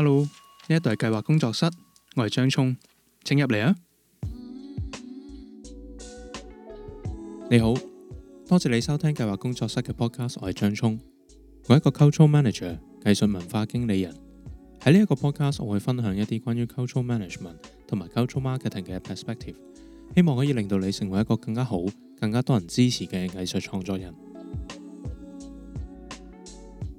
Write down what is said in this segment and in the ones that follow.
Hello，呢一度係計劃工作室，我係張聰，請入嚟啊！你好，多謝你收聽計劃工作室嘅 podcast，我係張聰，我係一個 cultural manager，藝術文化經理人。喺呢一個 podcast，我會分享一啲關於 cultural management 同埋 cultural marketing 嘅 perspective，希望可以令到你成為一個更加好、更加多人支持嘅藝術創作人。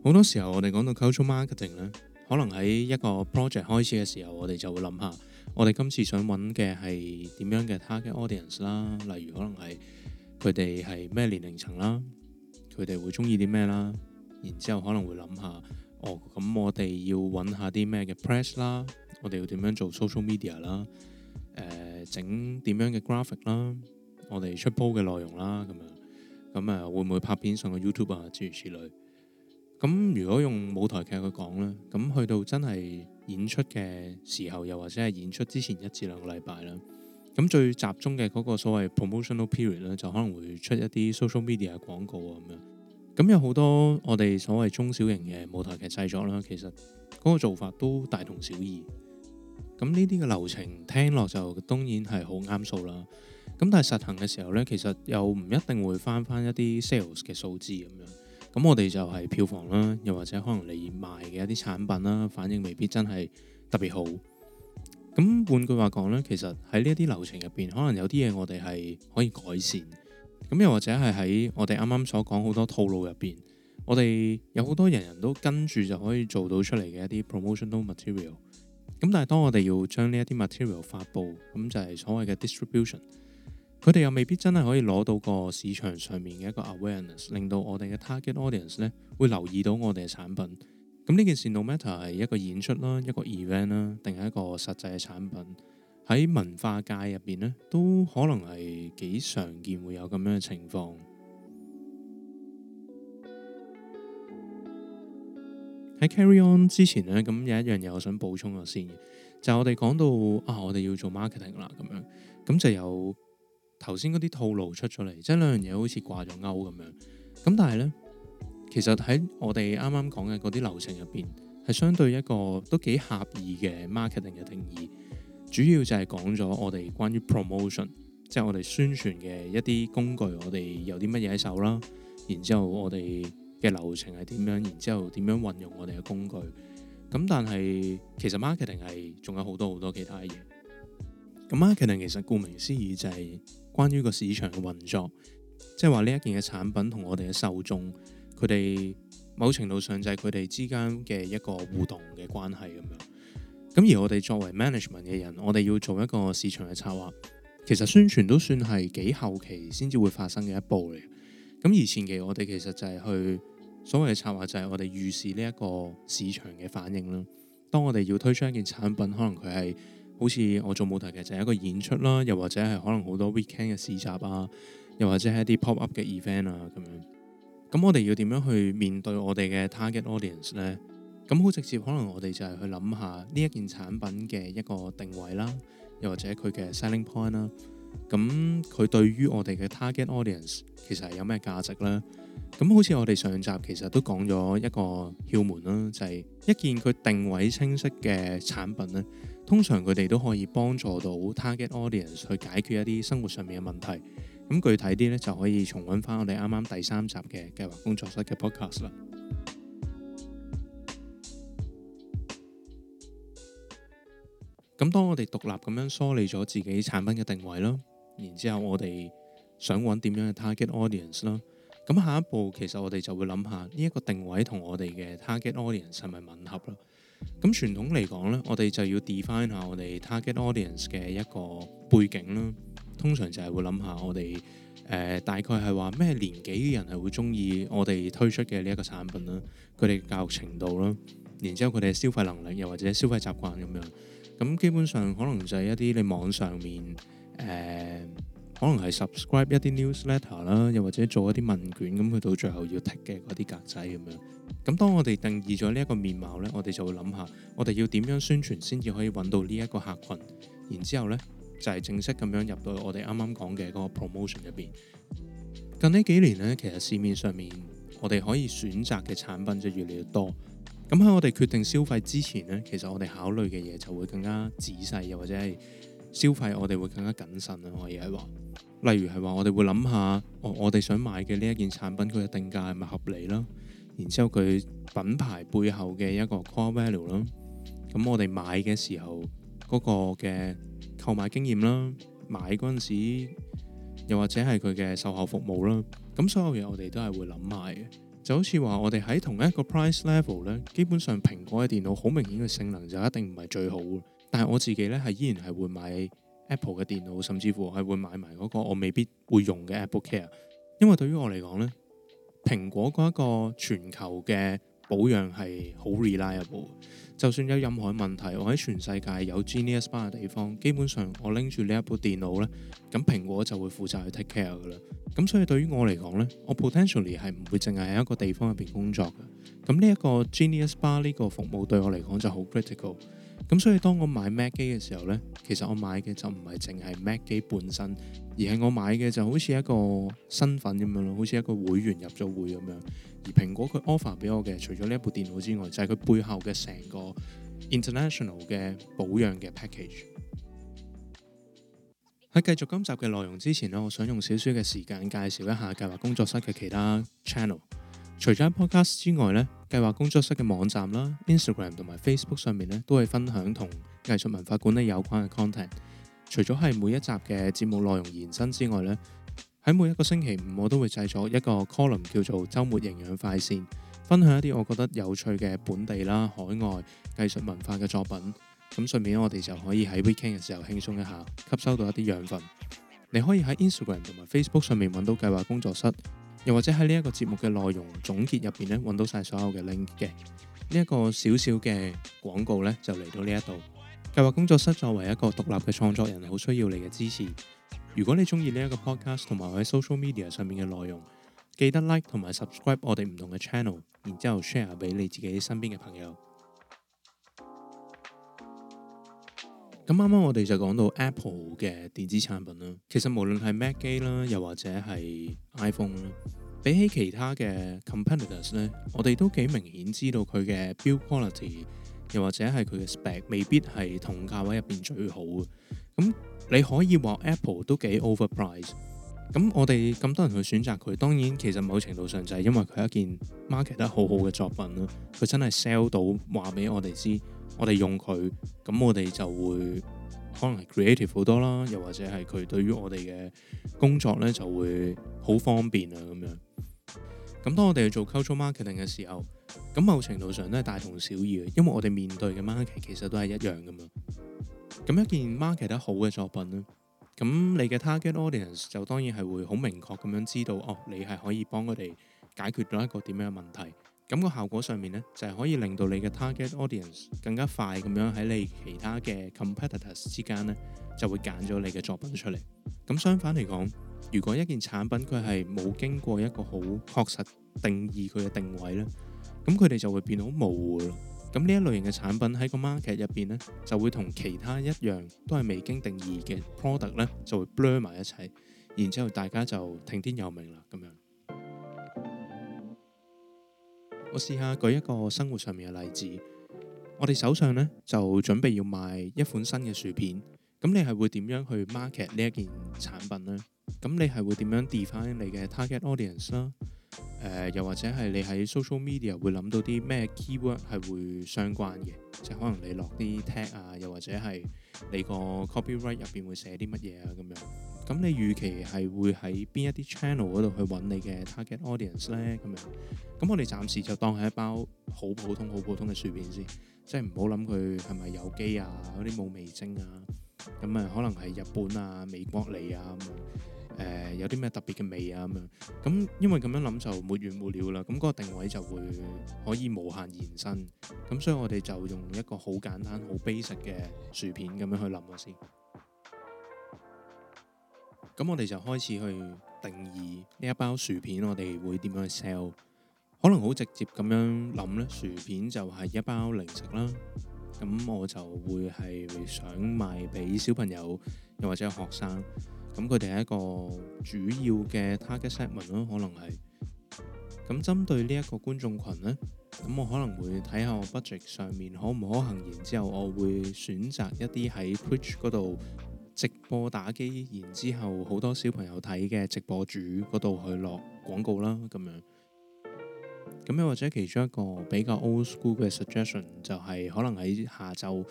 好多時候我哋講到 cultural marketing 咧，可能喺一個 project 開始嘅時候，我哋就會諗下，我哋今次想揾嘅係點樣嘅 target audience 啦，例如可能係佢哋係咩年齡層啦，佢哋會中意啲咩啦，然之後可能會諗下，哦，咁我哋要揾下啲咩嘅 press 啦，我哋要點樣做 social media 啦，誒、呃，整點樣嘅 graphic 啦，我哋出波嘅內容啦，咁樣，咁啊，會唔會拍片上個 YouTube 啊，諸如此類？咁如果用舞台劇去講呢咁去到真係演出嘅時候，又或者係演出之前一至兩個禮拜啦，咁最集中嘅嗰個所謂 promotional period 咧，就可能會出一啲 social media 嘅廣告啊咁樣。咁有好多我哋所謂中小型嘅舞台劇製作啦，其實嗰個做法都大同小異。咁呢啲嘅流程聽落就當然係好啱數啦。咁但係實行嘅時候呢，其實又唔一定會翻翻一啲 sales 嘅數字咁樣。咁我哋就係票房啦，又或者可能你賣嘅一啲產品啦，反應未必真係特別好。咁換句話講呢，其實喺呢一啲流程入邊，可能有啲嘢我哋係可以改善。咁又或者係喺我哋啱啱所講好多套路入邊，我哋有好多人人都跟住就可以做到出嚟嘅一啲 promotional material。咁但係當我哋要將呢一啲 material 發佈，咁就係所謂嘅 distribution。佢哋又未必真係可以攞到個市場上面嘅一個 awareness，令到我哋嘅 target audience 咧會留意到我哋嘅產品。咁呢件事，no matter 係一個演出啦、一個 event 啦，定係一個實際嘅產品，喺文化界入邊呢，都可能係幾常見會有咁樣嘅情況。喺 carry on 之前呢，咁有一樣嘢我想補充下先，就係、我哋講到啊，我哋要做 marketing 啦，咁樣咁就有。頭先嗰啲套路出咗嚟，即係兩樣嘢好似掛咗鈎咁樣。咁但係呢，其實喺我哋啱啱講嘅嗰啲流程入邊，係相對一個都幾狹義嘅 marketing 嘅定義。主要就係講咗我哋關於 promotion，即係我哋宣傳嘅一啲工，工具，我哋有啲乜嘢喺手啦。然之後我哋嘅流程係點樣？然之後點樣運用我哋嘅工具？咁但係其實 marketing 係仲有好多好多其他嘢。咁 marketing 其實顧名思義就係、是。關於個市場嘅運作，即係話呢一件嘅產品同我哋嘅受眾，佢哋某程度上就係佢哋之間嘅一個互動嘅關係咁樣。咁而我哋作為 management 嘅人，我哋要做一個市場嘅策劃，其實宣傳都算係幾後期先至會發生嘅一步嚟。咁而前期我哋其實就係去所謂嘅策劃，就係我哋預示呢一個市場嘅反應咯。當我哋要推出一件產品，可能佢係。好似我做舞台劇就係一個演出啦，又或者係可能好多 weekend 嘅市集啊，又或者係一啲 pop up 嘅 event 啊，咁樣。咁我哋要點樣去面對我哋嘅 target audience 呢？咁好直接，可能我哋就係去諗下呢一件產品嘅一個定位啦，又或者佢嘅 selling point 啦。咁佢對於我哋嘅 target audience 其實係有咩價值呢？咁好似我哋上集其實都講咗一個竅門啦，就係、是、一件佢定位清晰嘅產品呢。通常佢哋都可以幫助到 target audience 去解決一啲生活上面嘅問題。咁具體啲咧，就可以重溫返我哋啱啱第三集嘅計劃工作室嘅 podcast 啦。咁當我哋獨立咁樣梳理咗自己產品嘅定位啦，然之後我哋想揾點樣嘅 target audience 啦。咁下一步，其實我哋就會諗下呢一個定位同我哋嘅 target audience 係咪吻合啦？咁傳統嚟講呢，我哋就要 define 下我哋 target audience 嘅一個背景啦。通常就係會諗下我哋誒、呃、大概係話咩年紀嘅人係會中意我哋推出嘅呢一個產品啦，佢哋嘅教育程度啦，然之後佢哋嘅消費能力又或者消費習慣咁樣。咁基本上可能就係一啲你網上面誒、呃。可能係 subscribe 一啲 newsletter 啦，又或者做一啲問卷，咁去到最後要剔嘅嗰啲格仔咁樣。咁當我哋定義咗呢一個面貌呢，我哋就會諗下，我哋要點樣宣傳先至可以揾到呢一個客群。然之後呢就係、是、正式咁樣入到我哋啱啱講嘅嗰個 promotion 入邊。近呢幾年呢，其實市面上面我哋可以選擇嘅產品就越嚟越多。咁喺我哋決定消費之前呢，其實我哋考慮嘅嘢就會更加仔細，又或者係。消費我哋會更加謹慎咯，而係話，例如係話、哦，我哋會諗下，我我哋想買嘅呢一件產品，佢嘅定價係咪合理啦？然之後佢品牌背後嘅一個 core value 啦，咁我哋買嘅時候嗰個嘅購買經驗啦，買嗰陣時又或者係佢嘅售後服務啦，咁所有嘢我哋都係會諗埋嘅。就好似話，我哋喺同一個 price level 呢，基本上蘋果嘅電腦好明顯嘅性能就一定唔係最好。但係我自己咧，係依然係會買 Apple 嘅電腦，甚至乎係會買埋嗰個我未必會用嘅 Apple Care，因為對於我嚟講咧，蘋果嗰一個全球嘅保養係好 reliable，就算有任何問題，我喺全世界有 Genius Bar 嘅地方，基本上我拎住呢一部電腦咧，咁蘋果就會負責去 take care 噶啦。咁所以對於我嚟講咧，我 potentially 係唔會淨係喺一個地方入邊工作嘅。咁呢一個 Genius Bar 呢個服務對我嚟講就好 critical。咁所以當我買 Mac 機嘅時候呢，其實我買嘅就唔係淨係 Mac 機本身，而係我買嘅就好似一個身份咁樣咯，好似一個會員入咗會咁樣。而蘋果佢 offer 俾我嘅，除咗呢一部電腦之外，就係佢背後嘅成個 international 嘅保養嘅 package。喺繼續今集嘅內容之前呢，我想用少少嘅時間介紹一下計劃工作室嘅其他 channel。除咗 podcast 之外咧，計劃工作室嘅網站啦、Instagram 同埋 Facebook 上面咧，都會分享同藝術文化管理有關嘅 content。除咗係每一集嘅節目內容延伸之外咧，喺每一個星期五我都會製作一個 column 叫做「週末營養快線」，分享一啲我覺得有趣嘅本地啦、海外藝術文化嘅作品。咁順便，我哋就可以喺 weekend 嘅時候輕鬆一下，吸收到一啲養分。你可以喺 Instagram 同埋 Facebook 上面揾到計劃工作室。又或者喺呢一個節目嘅內容總結入邊咧，揾到晒所有嘅 link 嘅呢一個小小嘅廣告呢，就嚟到呢一度。計劃工作室作為一個獨立嘅創作人，係好需要你嘅支持。如果你中意呢一個 podcast 同埋我喺 social media 上面嘅內容，記得 like 同埋 subscribe 我哋唔同嘅 channel，然之後 share 俾你自己身邊嘅朋友。咁啱啱我哋就講到 Apple 嘅電子產品啦，其實無論係 Mac 機啦，又或者係 iPhone 啦，比起其他嘅 competitors 咧，我哋都幾明顯知道佢嘅 build quality，又或者係佢嘅 spec 未必係同價位入面最好嘅。咁你可以話 Apple 都幾 overpriced。咁我哋咁多人去選擇佢，當然其實某程度上就係因為佢係一件 market 得好好嘅作品啦。佢真係 sell 到話俾我哋知。我哋用佢，咁我哋就會可能係 creative 好多啦，又或者係佢對於我哋嘅工作呢就會好方便啊咁樣。咁當我哋去做 culture marketing 嘅時候，咁某程度上都係大同小異嘅，因為我哋面對嘅 marketing 其實都係一樣噶嘛。咁一件 marketing 得好嘅作品呢，咁你嘅 target audience 就當然係會好明確咁樣知道，哦，你係可以幫我哋解決到一個點樣嘅問題。咁個效果上面咧，就係可以令到你嘅 target audience 更加快咁樣喺你其他嘅 competitors 之間咧，就會揀咗你嘅作品出嚟。咁相反嚟講，如果一件產品佢係冇經過一個好確實定義佢嘅定位咧，咁佢哋就會變好模糊啦。咁呢一類型嘅產品喺個 market 入邊咧，就會同其他一樣都係未經定義嘅 product 咧，就會 blur 埋一齊，然之後大家就聽天由命啦咁樣。我試下舉一個生活上面嘅例子，我哋手上呢，就準備要賣一款新嘅薯片，咁你係會點樣去 market 呢一件產品呢？咁你係會點樣 define 你嘅 target audience 啦？誒、呃，又或者係你喺 social media 會諗到啲咩 keyword 係會相關嘅，即係可能你落啲 tag 啊，又或者係你個 copyright 入邊會寫啲乜嘢啊咁樣。咁你預期係會喺邊一啲 channel 嗰度去揾你嘅 target audience 咧？咁樣，咁我哋暫時就當係一包好普通、好普通嘅薯片先，即係唔好諗佢係咪有機啊，嗰啲冇味精啊，咁啊可能係日本啊、美國嚟啊咁樣。誒、呃、有啲咩特別嘅味啊咁樣，咁因為咁樣諗就沒完沒了啦，咁、那、嗰個定位就會可以無限延伸，咁所以我哋就用一個好簡單、好 basic 嘅薯片咁樣去諗下先。咁我哋就開始去定義呢一包薯片我，我哋會點樣去 sell？可能好直接咁樣諗呢，薯片就係一包零食啦。咁我就會係想賣俾小朋友，又或者學生。咁佢哋係一個主要嘅 target segment 咯，可能係。咁針對呢一個觀眾群呢，咁我可能會睇下我 budget 上面可唔可行，然之後我會選擇一啲喺 Twitch 嗰度直播打機，然之後好多小朋友睇嘅直播主嗰度去落廣告啦，咁樣。咁又或者其中一個比較 old school 嘅 suggestion 就係可能喺下晝。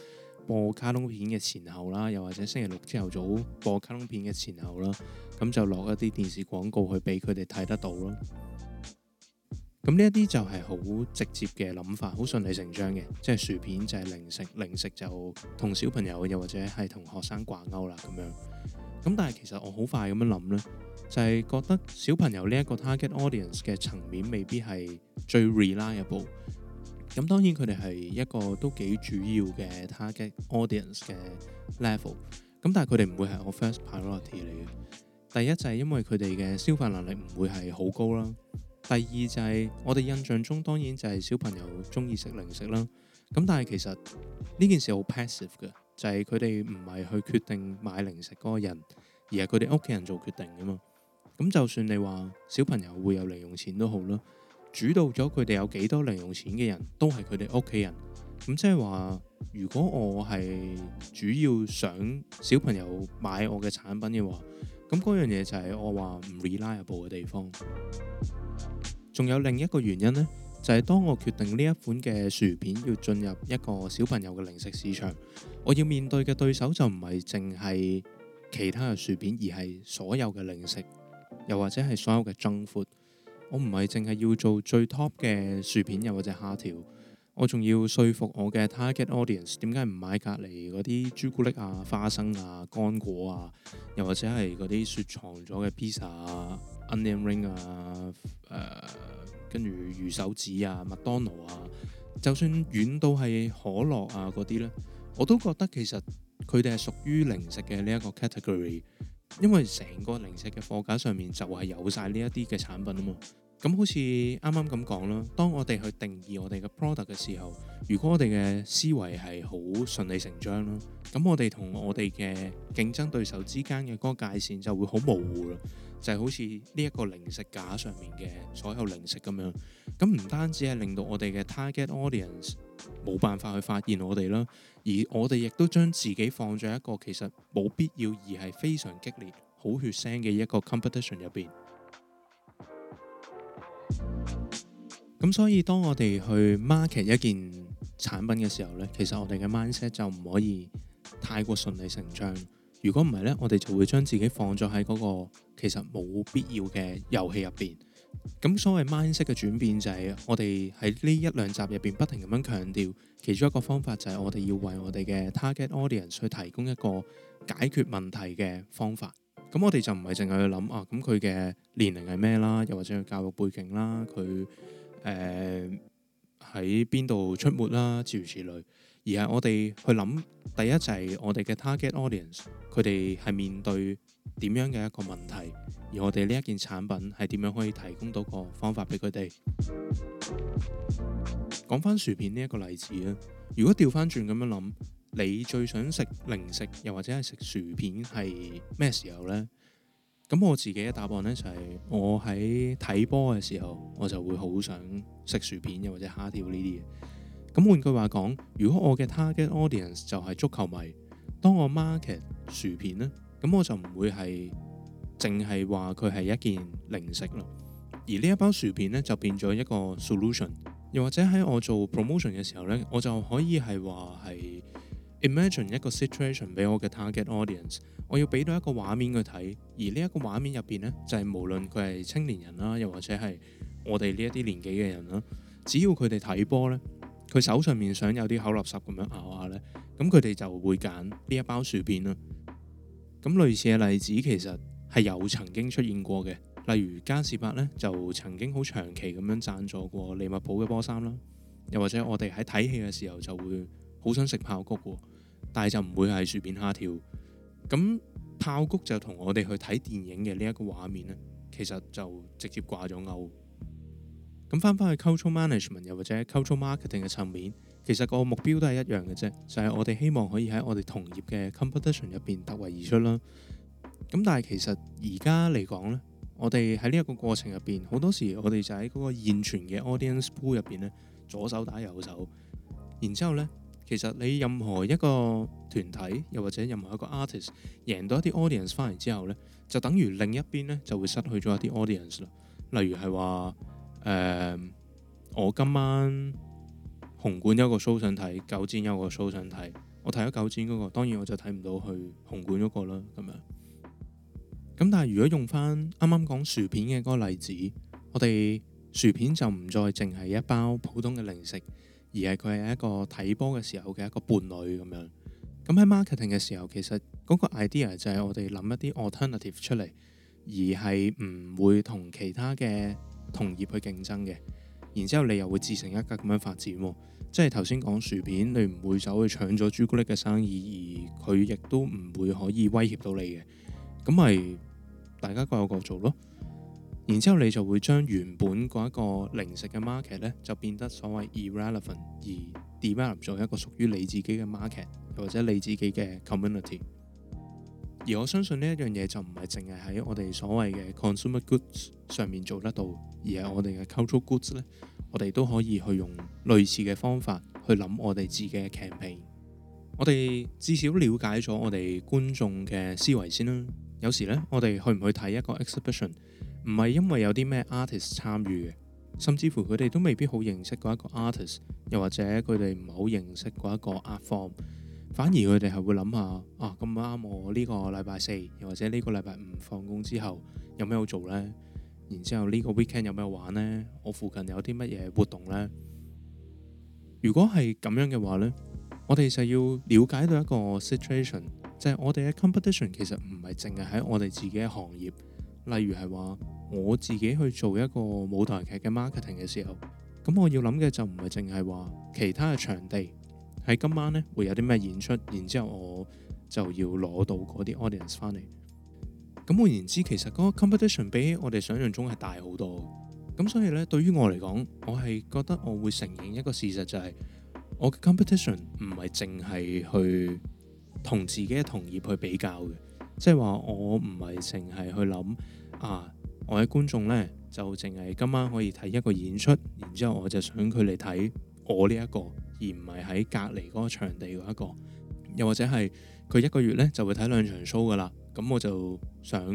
播卡通片嘅前後啦，又或者星期六朝頭早播卡通片嘅前後啦，咁就落一啲電視廣告去俾佢哋睇得到咯。咁呢一啲就係好直接嘅諗法，好順理成章嘅，即係薯片就係零食，零食就同小朋友又或者係同學生掛鈎啦咁樣。咁但係其實我好快咁樣諗咧，就係、是、覺得小朋友呢一個 target audience 嘅層面未必係最 reliable。咁當然佢哋係一個都幾主要嘅 target audience 嘅 level。咁但係佢哋唔會係我 first priority 嚟嘅。第一就係因為佢哋嘅消費能力唔會係好高啦。第二就係我哋印象中當然就係小朋友中意食零食啦。咁但係其實呢件事好 passive 嘅，就係佢哋唔係去決定買零食嗰個人，而係佢哋屋企人做決定㗎嘛。咁就算你話小朋友會有零用錢都好啦。主導咗佢哋有幾多零用錢嘅人都係佢哋屋企人，咁即係話，如果我係主要想小朋友買我嘅產品嘅話，咁嗰樣嘢就係我話唔 reliable 嘅地方。仲有另一個原因呢，就係、是、當我決定呢一款嘅薯片要進入一個小朋友嘅零食市場，我要面對嘅對手就唔係淨係其他嘅薯片，而係所有嘅零食，又或者係所有嘅 junk food。我唔係淨係要做最 top 嘅薯片又或者蝦條，我仲要説服我嘅 target audience 點解唔買隔離嗰啲朱古力啊、花生啊、乾果啊，又或者係嗰啲雪藏咗嘅 pizza 啊、onion 啊、ring 啊、誒跟住魚手指啊、麥當勞啊，就算遠到係可樂啊嗰啲呢，我都覺得其實佢哋係屬於零食嘅呢一個 category。因為成個零食嘅貨架上面就係有晒呢一啲嘅產品啊嘛，咁好似啱啱咁講啦。當我哋去定義我哋嘅 product 嘅時候，如果我哋嘅思維係好順理成章啦，咁我哋同我哋嘅競爭對手之間嘅嗰個界線就會好模糊啦，就係好似呢一個零食架上面嘅所有零食咁樣。咁唔單止係令到我哋嘅 target audience。冇辦法去發現我哋啦，而我哋亦都將自己放在一個其實冇必要而係非常激烈、好血腥嘅一個 competition 入邊。咁、嗯、所以當我哋去 market 一件產品嘅時候呢，其實我哋嘅 mindset 就唔可以太過順理成章。如果唔係呢，我哋就會將自己放咗喺嗰個其實冇必要嘅遊戲入邊。咁所謂 mindset 嘅轉變就係我哋喺呢一兩集入邊不停咁樣強調，其中一個方法就係我哋要為我哋嘅 target audience 去提供一個解決問題嘅方法。咁我哋就唔係淨係去諗啊，咁佢嘅年齡係咩啦，又或者佢教育背景啦，佢誒喺邊度出沒啦，諸如此類，而係我哋去諗，第一就係我哋嘅 target audience，佢哋係面對點樣嘅一個問題。而我哋呢一件產品係點樣可以提供到個方法俾佢哋？講翻薯片呢一個例子呢，如果調翻轉咁樣諗，你最想食零食又或者係食薯片係咩時候呢？咁我自己嘅答案呢，就係我喺睇波嘅時候，我就會好想食薯片又或者蝦條呢啲嘢。咁換句話講，如果我嘅 target audience 就係足球迷，當我 market 薯片呢，咁我就唔會係，淨係話佢係一件零食咯，而呢一包薯片呢，就變咗一個 solution。又或者喺我做 promotion 嘅時候呢，我就可以係話係 imagine 一個 situation 俾我嘅 target audience，我要俾到一個畫面佢睇。而呢一個畫面入邊呢，就係無論佢係青年人啦，又或者係我哋呢一啲年紀嘅人啦，只要佢哋睇波呢，佢手上面想有啲口垃圾咁樣咬下呢，咁佢哋就會揀呢一包薯片啦。咁類似嘅例子其實。係有曾經出現過嘅，例如嘉士伯呢，就曾經好長期咁樣贊助過利物浦嘅波衫啦，又或者我哋喺睇戲嘅時候就會好想食爆谷喎，但係就唔會係薯片蝦條。咁爆谷就同我哋去睇電影嘅呢一個畫面呢，其實就直接掛咗鈎。咁翻返去 cultural management 又或者 cultural marketing 嘅層面，其實個目標都係一樣嘅啫，就係、是、我哋希望可以喺我哋同業嘅 competition 入邊突圍而出啦。咁但係其實而家嚟講呢，我哋喺呢一個過程入面，好多時我哋就喺嗰個現存嘅 audience pool 入面呢，呢左手打右手。然之後呢，其實你任何一個團體，又或者任何一個 artist 贏到一啲 audience 翻嚟之後呢，就等於另一邊呢就會失去咗一啲 audience 啦。例如係話誒，我今晚紅館有個 show 想睇，九展有個 show 想睇，我睇咗九展嗰個，當然我就睇唔到去紅館嗰個啦。咁樣。咁但係如果用翻啱啱講薯片嘅嗰個例子，我哋薯片就唔再淨係一包普通嘅零食，而係佢係一個睇波嘅時候嘅一個伴侶咁樣。咁喺 marketing 嘅時候，其實嗰個 idea 就係我哋諗一啲 alternative 出嚟，而係唔會同其他嘅同業去競爭嘅。然之後你又會自成一格咁樣發展，即係頭先講薯片，你唔會走去搶咗朱古力嘅生意，而佢亦都唔會可以威脅到你嘅。咁咪。大家各有各做咯，然之後你就會將原本嗰一個零食嘅 market 呢，就變得所謂 irrelevant，而 develop 咗一個屬於你自己嘅 market 又或者你自己嘅 community。而我相信呢一樣嘢就唔係淨係喺我哋所謂嘅 consumer goods 上面做得到，而係我哋嘅 cultural goods 呢，我哋都可以去用類似嘅方法去諗我哋自己嘅 campaign。我哋至少了解咗我哋觀眾嘅思維先啦。有時咧，我哋去唔去睇一個 exhibition，唔係因為有啲咩 artist 參與嘅，甚至乎佢哋都未必好認識嗰一個 artist，又或者佢哋唔係好認識嗰一個 art form，反而佢哋係會諗下啊，咁啱我呢個禮拜四，又或者呢個禮拜五放工之後有咩好做呢？然之後呢個 weekend 有咩好玩呢？我附近有啲乜嘢活動呢？」如果係咁樣嘅話呢，我哋就要了解到一個 situation。即係我哋嘅 competition 其實唔係淨係喺我哋自己嘅行業，例如係話我自己去做一個舞台劇嘅 marketing 嘅時候，咁我要諗嘅就唔係淨係話其他嘅場地喺今晚呢會有啲咩演出，然之後我就要攞到嗰啲 audience 翻嚟。咁換言之，其實嗰個 competition 比我哋想象中係大好多。咁所以呢，對於我嚟講，我係覺得我會承認一個事實就係，我嘅 competition 唔係淨係去。同自己嘅同業去比較嘅，即係話我唔係淨係去諗啊，我嘅觀眾呢，就淨係今晚可以睇一個演出，然之後我就想佢嚟睇我呢、這、一個，而唔係喺隔離嗰個場地嗰一個。又或者係佢一個月呢就會睇兩場 show 噶啦，咁我就想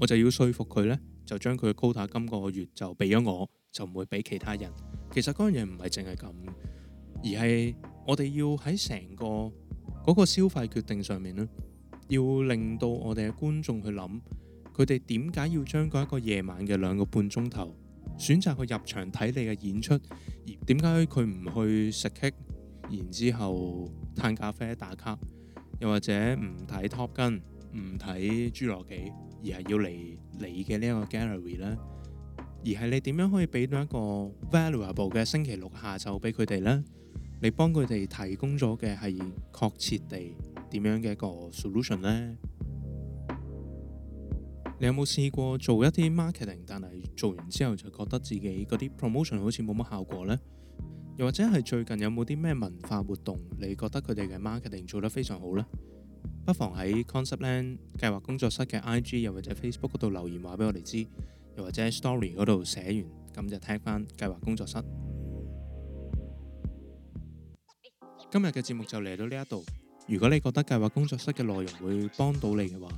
我就要說服佢呢，就將佢嘅 quota 今個月就俾咗我，就唔會俾其他人。其實嗰樣嘢唔係淨係咁，而係我哋要喺成個。嗰、那個消費決定上面呢，要令到我哋嘅觀眾去諗，佢哋點解要將嗰一個夜晚嘅兩個半鐘頭選擇去入場睇你嘅演出，而點解佢唔去食 cake，然之後歎咖啡打卡，又或者唔睇 Top Gun，唔睇侏羅紀，而係要嚟你嘅呢一個 Gallery 呢？而係你點樣可以俾到一個 valuable 嘅星期六下晝俾佢哋呢？你幫佢哋提供咗嘅係確切地點樣嘅一個 solution 呢？你有冇試過做一啲 marketing，但係做完之後就覺得自己嗰啲 promotion 好似冇乜效果呢？又或者係最近有冇啲咩文化活動，你覺得佢哋嘅 marketing 做得非常好呢？不妨喺 Conceptland 計劃工作室嘅 IG 又或者 Facebook 度留言話俾我哋知，又或者喺 Story 度寫完，咁就 tag 翻計劃工作室。今日嘅節目就嚟到呢一度。如果你覺得計劃工作室嘅內容會幫到你嘅話，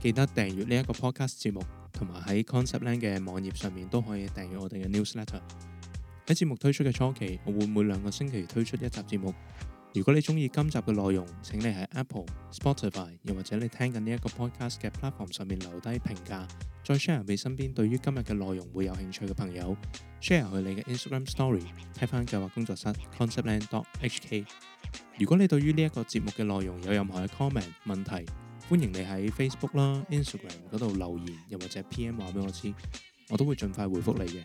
記得訂閱呢一個 podcast 節目，同埋喺 Conceptland 嘅網頁上面都可以訂閱我哋嘅 newsletter。喺節目推出嘅初期，我會每兩個星期推出一集節目。如果你中意今集嘅內容，請你喺 Apple、Spotify 又或者你聽緊呢一個 podcast 嘅 platform 上面留低評價。再 share 俾身邊對於今日嘅內容會有興趣嘅朋友 share 佢你嘅 Instagram story 聽翻計劃工作室 conceptland.hk。如果你對於呢一個節目嘅內容有任何嘅 comment 問題，歡迎你喺 Facebook 啦、Instagram 嗰度留言，又或者 PM 話俾我知，我都會盡快回覆你嘅。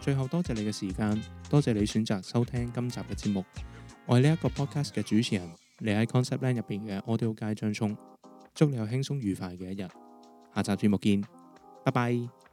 最後多謝你嘅時間，多謝你選擇收聽今集嘅節目。我係呢一個 podcast 嘅主持人，你喺 conceptland 入邊嘅 audio 界張聰，祝你有輕鬆愉快嘅一日。下集節目見，拜拜。